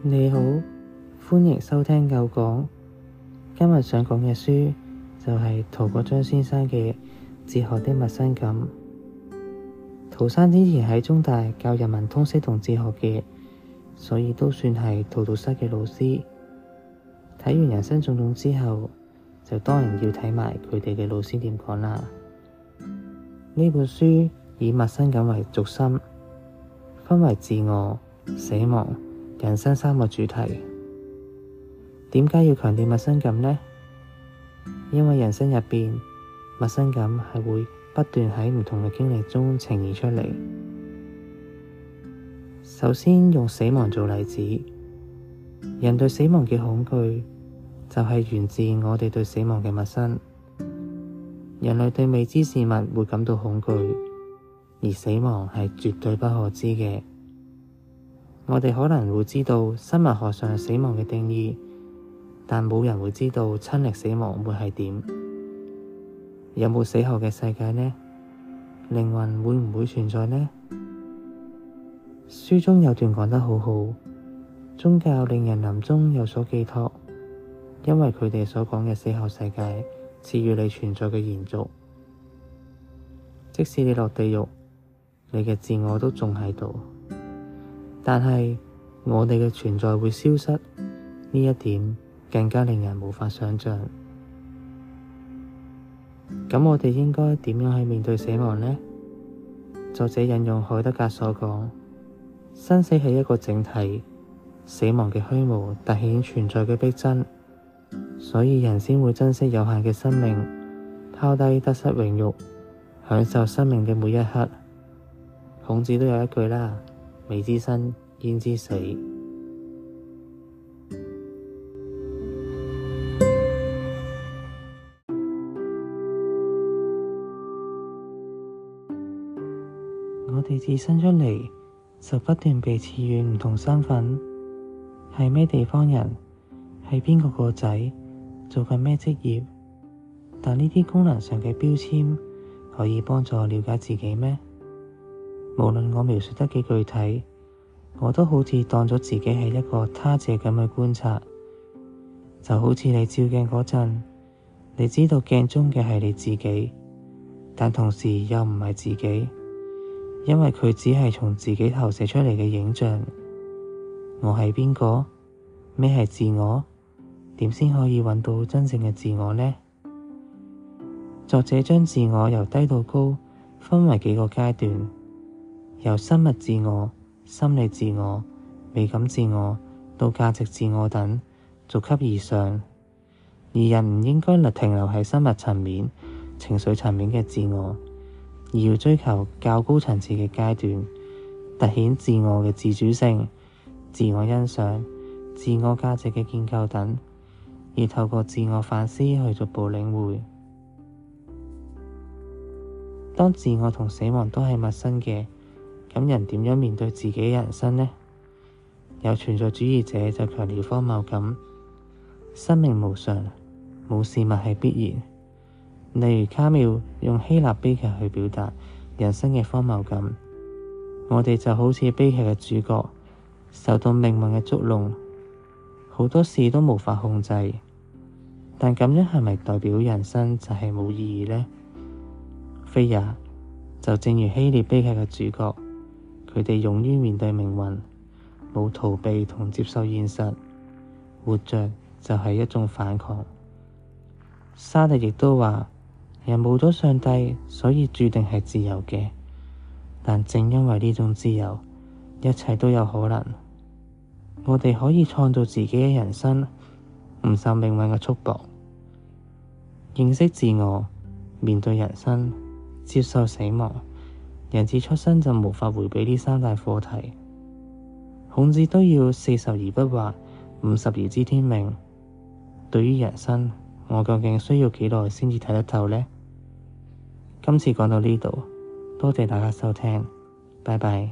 你好，歡迎收聽究讀。今日想講嘅書就係陶國璋先生嘅《哲學的陌生感》。陶生之前喺中大教人文通識同哲學嘅，所以都算係陶導師嘅老師。睇完人生種種之後，就當然要睇埋佢哋嘅老師點講啦。呢本書以陌生感為軸心，分為自我、死亡、人生三個主題，點解要強調陌生感呢？因為人生入邊，陌生感係會不斷喺唔同嘅經歷中呈現出嚟。首先用死亡做例子，人對死亡嘅恐懼就係源自我哋對死亡嘅陌生。人類對未知事物會感到恐懼，而死亡係絕對不可知嘅。我哋可能會知道生物學上死亡嘅定義，但冇人會知道親歷死亡會係點，有冇死後嘅世界呢？靈魂會唔會存在呢？書中有段講得好好，宗教令人臨終有所寄託，因為佢哋所講嘅死後世界賜予你存在嘅延續，即使你落地獄，你嘅自我都仲喺度。但係我哋嘅存在會消失呢一點，更加令人無法想象。咁我哋應該點樣去面對死亡呢？作者引用海德格所講：生死係一個整體，死亡嘅虛無突顯存在嘅逼真，所以人先會珍惜有限嘅生命，拋低得失榮辱，享受生命嘅每一刻。孔子都有一句啦。未知生，焉知死？ 我哋自生出嚟，就不斷被賜予唔同身份，係咩地方人，係邊個個仔，做緊咩職業？但呢啲功能上嘅標籤，可以幫助了解自己咩？無論我描述得幾具體，我都好似當咗自己係一個他者咁去觀察，就好似你照鏡嗰陣，你知道鏡中嘅係你自己，但同時又唔係自己，因為佢只係從自己投射出嚟嘅影像。我係邊個？咩係自我？點先可以搵到真正嘅自我呢？作者將自我由低到高分為幾個階段。由生物自我、心理自我、美感自我到價值自我等逐級而上，而人唔應該停留喺生物層面、情緒層面嘅自我，而要追求較高層次嘅階段，凸顯自我嘅自主性、自我欣賞、自我價值嘅建構等，而透過自我反思去逐步領會。當自我同死亡都係陌生嘅。咁人點樣面對自己嘅人生呢？有存在主義者就強調荒謬感，生命無常，冇事物係必然。例如卡謬用希臘悲劇去表達人生嘅荒謬感。我哋就好似悲劇嘅主角，受到命運嘅捉弄，好多事都無法控制。但咁樣係咪代表人生就係冇意義呢？非也，就正如希臘悲劇嘅主角，佢哋勇於面對命運，冇逃避同接受現實，活着就係一種反抗。沙特亦都話：人冇咗上帝，所以注定係自由嘅。但正因為呢種自由，一切都有可能。我哋可以創造自己嘅人生，唔受命運嘅束縛，認識自我，面對人生，接受死亡。人自出生就無法迴避呢三大課題，孔子都要四十而不惑，五十而知天命。對於人生，我究竟需要幾耐先至睇得透呢？今次講到呢度，多謝大家收聽，拜拜。